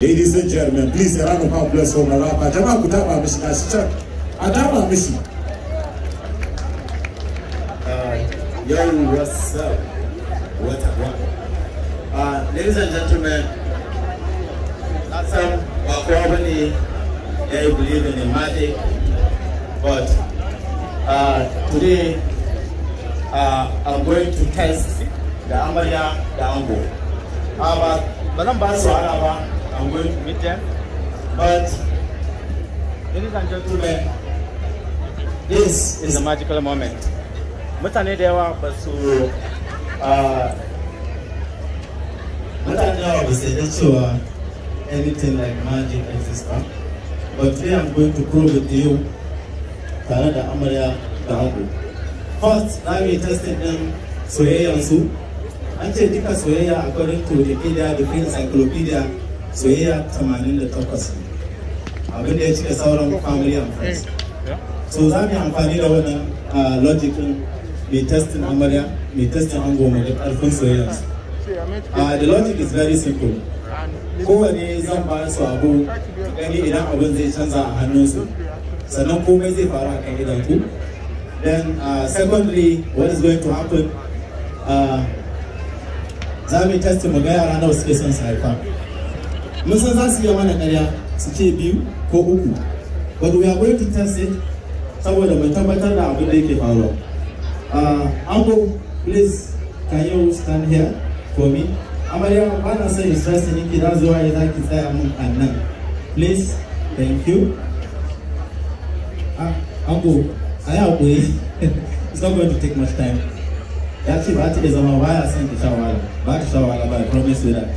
Ladies and gentlemen, please a round of applause for Marapa. Jama kutaba mishi na shichak. Adama mishi. Yo, what's up? Uh, what a one. Uh, ladies and gentlemen, last time Bakwabani, yeah, you believe in the magic, but uh, today uh, I'm going to test the Amaria, the Ambo. Uh, but, but I'm so I I'm going to meet them. But, ladies and gentlemen, this is a magical moment. Mutane da yawa ba su uh, mutane yawa ba su cewa anything like magic exists ba. But today I'm going to prove it to you tare da amarya da ango. First, na yi testing din soyayyansu. An ce duka soyayya according to the Wikipedia, the Free Encyclopedia, soyayya 88 abin da ya cika sauran family and friends so za mu yi amfani da wannan logic din mai testin amarya mai testin ango goma da karfin soyayya the logic is very simple kowane zan ba su abu gani idan abin zai canza a hannunsu sannan komai zai faru a kan idan ku then uh, secondly what is going to happen za mu yi testin mu ga yara nawa suke son su haifa karya ko uku but we are going to test it saboda mu tabbatar da abin da yake faruwa uh, uncle please can you stand here for me amarya ba na son stress ne ki da zuwa ya zaki tsaya mun annan please thank you ah uncle ayi hakuri it's not going to take much time Actually, what is on my da zama baya son to Shawala, i promise you that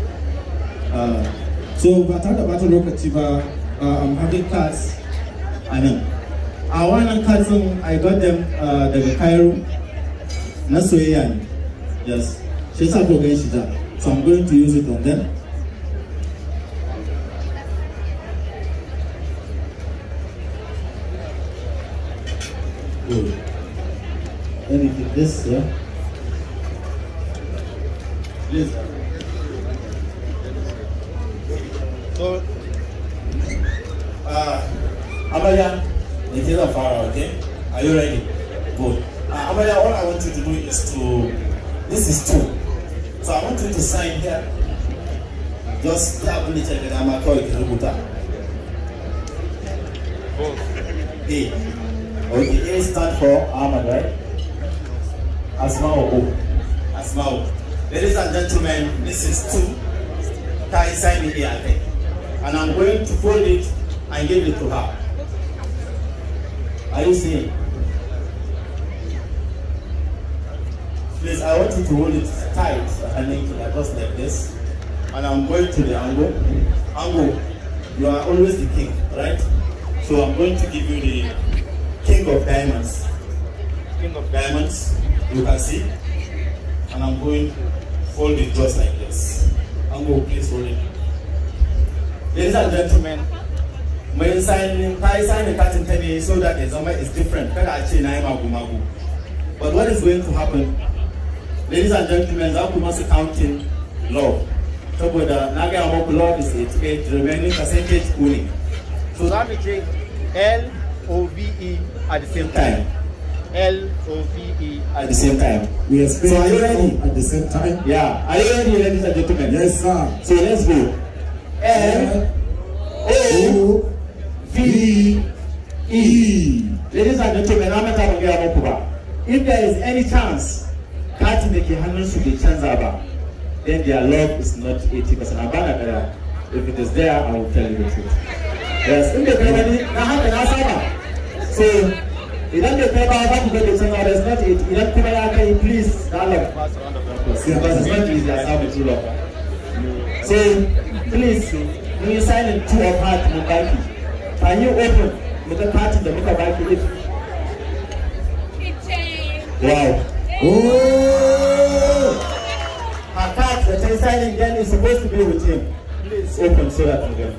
uh, so ba tare da bata lokaci ba uh, I'm having cards a nan a wannan cards I got them uh, daga Cairo na soyayya ne yes shi yasa ko gan shi da so I'm going to use it on them Let me get this, yeah. Please. Amaya, the days of Pharaoh, okay? Are you ready? Good. Uh, Amaya, all I want you to do is to, this is two. So I want you to sign here. Just tap on the check and I'm a call it Both. A. Okay, A stands for Ahmad, right? Asmao O. Asmao. Ladies and gentlemen, this is two. Tie sign it here, I think. And I'm going to fold it and give it to her. Are you seeing? Please, I want you to hold it tight and then like us like this. And I'm going to the angle. Angle, you are always the king, right? So I'm going to give you the king of diamonds. King of diamonds, you can see. And I'm going to fold it just like this. Angle, please hold it. Ladies and gentlemen, mai signing ta yi signing katin ta ne so that ya zama is different kada a ce na yi magu-magu but what is going to happen ladies and gentlemen za ku masu counting law saboda na gaya muku law is a remaining percentage ku ne so za mu ce l o v e at the same time L O V E at the same time. We are so are you ready? At the same time. Yeah. Are you ready, ladies and gentlemen? Yes, sir. So let's go. L O e fi ihi ladies and gentlemen na mata ban gaya muku ba if there is any chance kati da ke hannunsu bai canza ba then their love is not 80% a bana kara if it is there i will tell you the truth yes in the kai wani na haka na saba so idan da kai ba za ku ga bai canza ba is not 80 idan kuma ya kai please na love because it's not easy as how true love so please mun yi signing two of heart mun baki Are you open muka katin da muka baki if wow oh her card that is signing then is supposed to be with him please open so that I'm going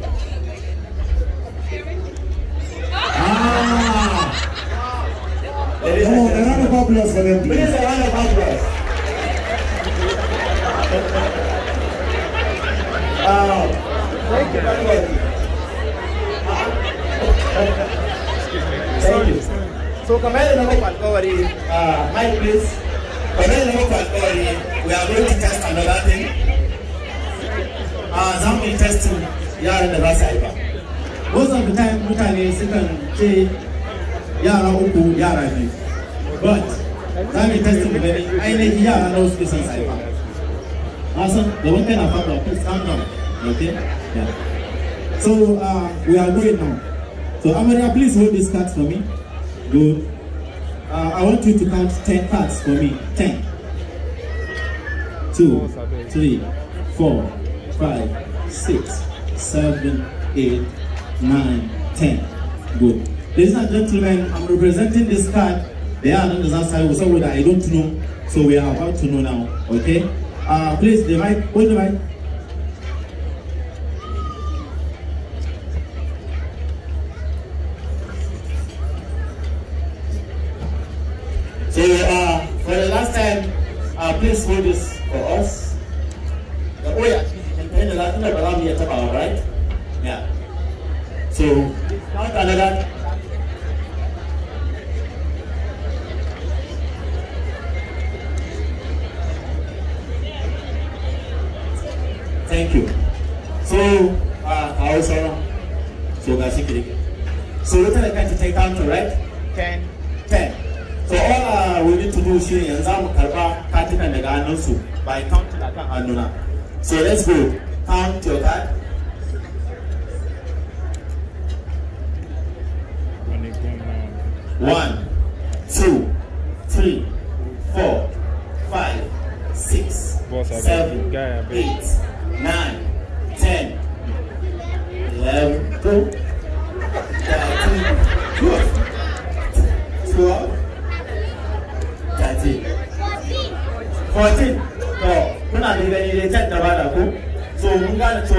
ah Ladies oh, a round of applause for them, please. Please, a round of Wow. Thank you very much. So kamar yadda na muku alƙawari, uh, my please, kamar yadda na muku alƙawari, we are going to test another thing. Uh, za mu yi testin yaran da za su haifa. Most of the time mutane sukan ce yara uku yara biyu. But za mu yi testin mu gani ainihin yara nawa suke haifa. Na san gaban kai na faɗa, please calm down. Okay? Yeah. So uh, we are going now. So Amaria, please hold this card for me. Good. Uh, I want you to count 10 parts for me. 10. 2, 3, 4, 5, 6, 7, 8, 9, 10. Good. Ladies and gentlemen, I'm representing this card. They are on the outside, someone that I don't know. So we are about to know now. Okay? Uh, please, the mic, hold the mic. this for us? Oh yeah, and the one. around here about, right? Yeah. So not another Thank you. So uh also so that's it. So what are the time to take down to right? Ten. Ten. So all we need to do is yanzu za mu karba katikan daga hannunsu by counting akan hannuna so let's go count your card one two three four five six seven eight nine ten eleven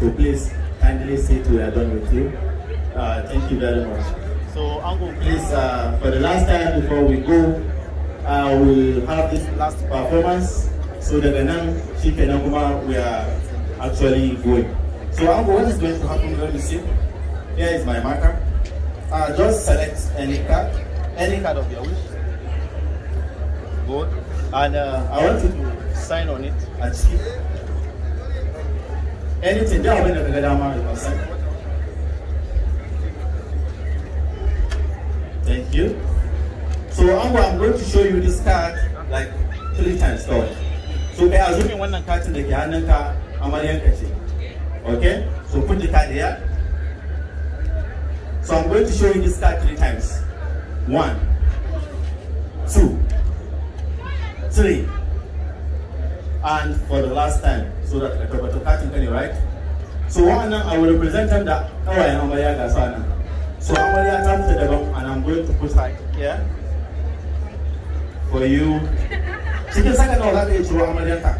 So please kindly sit, we are done with you. Uh, thank you very much. So Uncle, please, uh, for the last time before we go, uh, we'll have this last performance. So that Ganang Chief and Akuma, we are actually going. So Uncle, what is going to happen? Let me see. Here is my marker. Uh, just select any card, any card of your wish. Good. And uh, I want you to sign on it and see anything thank you so i'm going to show you this card like three times kawai so kai eh, azumin wannan katin da i hannunka amaryanka ce okay so put the card here so i'm going to show you this card three times one two three and for the last time so that I tabbatar katin ka ne right so one, I will represent them da kawai amarya ga sa nan so I'm amarya ta to daban and I'm going to put her Yeah. for you cikin saka nawa za ka iya ciro amaryar ta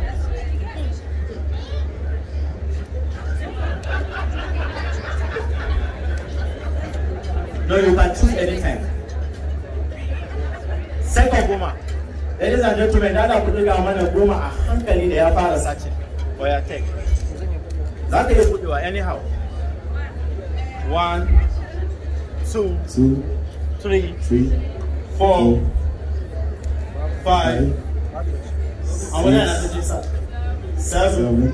No, you can choose anytime. Second woman. ladies and gentlemen da ku mana goma a hankali da ya fara sace oya tek. za ka iya budewa anyhow one two, two three, four, five seven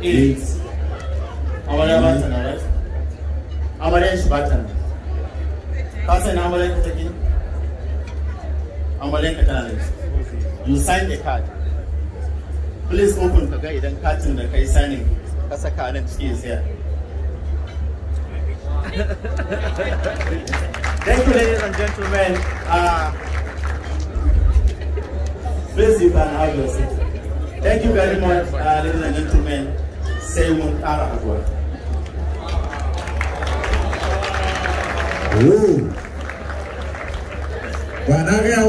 eight an wajen you sign the card please open ka ga idan katin da kai signing That's a card. ciki ya tsaya Thank you, ladies and gentlemen. Uh, please, you can have your seat. Thank you very much, uh, ladies and gentlemen. Say one hour Ooh. Hello.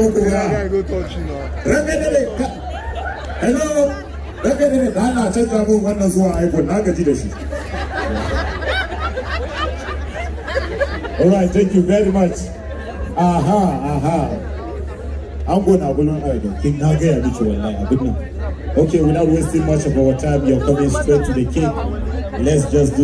All right, thank you very much. Aha, aha. an gona gulun ayo eh, king na gaya miki wallahi abin okay without wasting much of our time you're coming straight to the king let's just do